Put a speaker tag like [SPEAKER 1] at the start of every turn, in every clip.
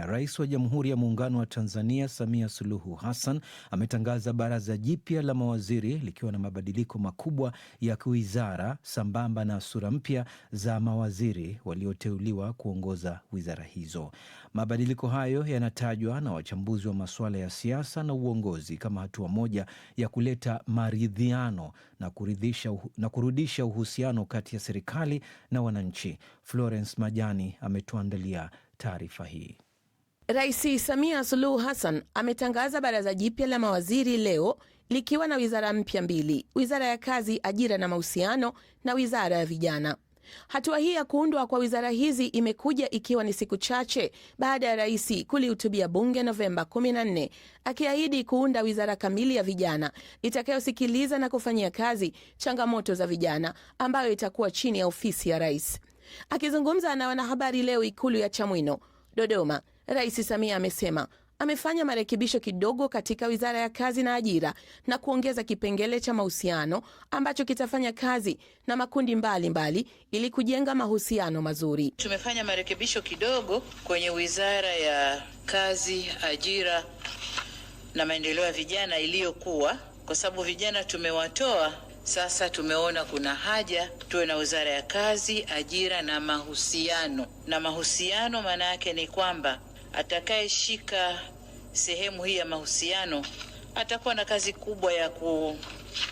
[SPEAKER 1] Rais wa Jamhuri ya Muungano wa Tanzania Samia Suluhu Hassan ametangaza baraza jipya la mawaziri likiwa na mabadiliko makubwa ya kiwizara sambamba na sura mpya za mawaziri walioteuliwa kuongoza wizara hizo. Mabadiliko hayo yanatajwa na wachambuzi wa masuala ya siasa na uongozi kama hatua moja ya kuleta maridhiano na kuridhisha na kurudisha uhusiano kati ya serikali na wananchi. Florence Majani ametuandalia taarifa hii.
[SPEAKER 2] Rais Samia Suluhu Hassan ametangaza baraza jipya la mawaziri leo likiwa na wizara mpya mbili, wizara ya kazi, ajira na mahusiano na wizara ya vijana. Hatua hii ya kuundwa kwa wizara hizi imekuja ikiwa ni siku chache baada ya rais kulihutubia bunge Novemba 14 akiahidi kuunda wizara kamili ya vijana itakayosikiliza na kufanyia kazi changamoto za vijana ambayo itakuwa chini ya ofisi ya rais. Akizungumza na wanahabari leo ikulu ya Chamwino, Dodoma, Rais Samia amesema amefanya marekebisho kidogo katika Wizara ya Kazi na Ajira na kuongeza kipengele cha mahusiano ambacho kitafanya kazi na makundi mbalimbali mbali, ili kujenga mahusiano mazuri.
[SPEAKER 3] Tumefanya marekebisho kidogo kwenye Wizara ya Kazi, Ajira na Maendeleo ya Vijana iliyokuwa, kwa sababu vijana tumewatoa sasa tumeona kuna haja tuwe na wizara ya kazi, ajira na mahusiano. Na mahusiano maana yake ni kwamba atakayeshika sehemu hii ya mahusiano atakuwa na kazi kubwa ya ku,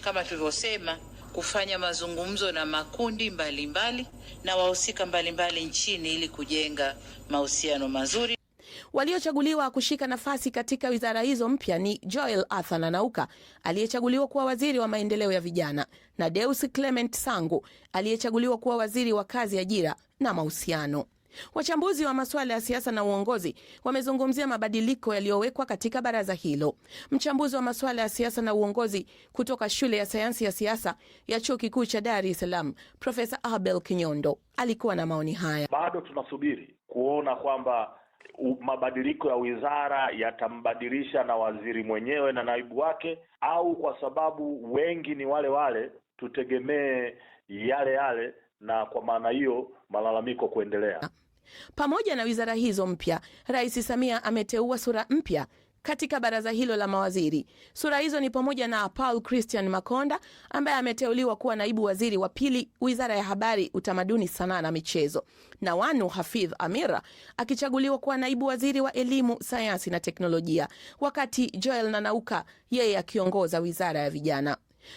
[SPEAKER 3] kama tulivyosema kufanya mazungumzo na makundi mbalimbali mbali, na wahusika mbalimbali nchini ili kujenga mahusiano mazuri.
[SPEAKER 2] Waliochaguliwa kushika nafasi katika wizara hizo mpya ni Joel arthur Nanauka aliyechaguliwa kuwa waziri wa maendeleo ya vijana na Deus Clement Sangu aliyechaguliwa kuwa waziri wa kazi, ajira na mahusiano. Wachambuzi wa masuala ya siasa na uongozi wamezungumzia mabadiliko yaliyowekwa katika baraza hilo. Mchambuzi wa masuala ya siasa na uongozi kutoka shule ya sayansi ya siasa ya chuo kikuu cha Dar es Salaam, Profesa Abel Kinyondo alikuwa na maoni haya.
[SPEAKER 4] Bado tunasubiri kuona kwamba mabadiliko ya wizara yatambadilisha na waziri mwenyewe na naibu wake, au kwa sababu wengi ni wale wale, tutegemee yale yale na kwa maana hiyo malalamiko kuendelea. Ah,
[SPEAKER 2] pamoja na wizara hizo mpya, Rais Samia ameteua sura mpya katika baraza hilo la mawaziri. Sura hizo ni pamoja na Paul Christian Makonda ambaye ameteuliwa kuwa naibu waziri wa pili wizara ya habari, utamaduni, sanaa na michezo, na Wanu Hafidh Amira akichaguliwa kuwa naibu waziri wa elimu, sayansi na teknolojia, wakati Joel Nanauka yeye akiongoza wizara ya vijana.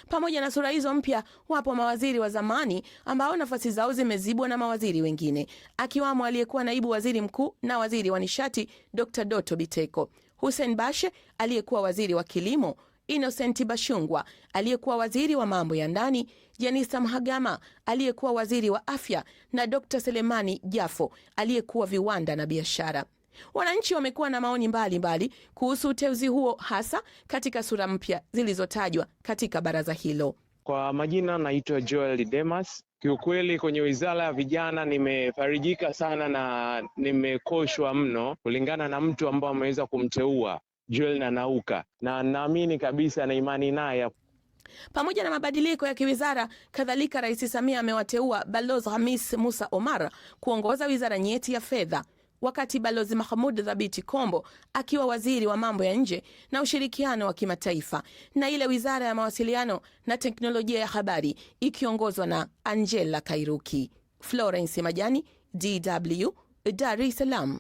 [SPEAKER 2] Pamoja na sura hizo mpya, wapo mawaziri wa zamani ambao nafasi zao zimezibwa na mawaziri wengine, akiwamo aliyekuwa naibu waziri mkuu na waziri wa nishati Dr. Doto Biteko, Hussein Bashe aliyekuwa waziri wa kilimo, Innocent Bashungwa aliyekuwa waziri wa mambo ya ndani, Janisa Mhagama aliyekuwa waziri wa afya na Dr. Selemani Jafo aliyekuwa viwanda na biashara. Wananchi wamekuwa na maoni mbalimbali mbali kuhusu uteuzi huo hasa katika sura mpya zilizotajwa katika baraza hilo.
[SPEAKER 5] Kwa majina naitwa Joel Demas. Kiukweli kwenye wizara ya vijana nimefarijika sana na nimekoshwa mno kulingana na mtu ambao ameweza kumteua Joel Nanauka, na naamini kabisa na imani naye
[SPEAKER 2] pamoja na mabadiliko ya kiwizara. Kadhalika, Rais Samia amewateua Balozi Hamis Musa Omar kuongoza wizara nyeti ya fedha wakati Balozi Mahmoud Dhabiti Kombo akiwa waziri wa mambo ya nje na ushirikiano wa kimataifa, na ile wizara ya mawasiliano na teknolojia ya habari ikiongozwa na Angela Kairuki. Florence Majani, DW, Dar es Salaam.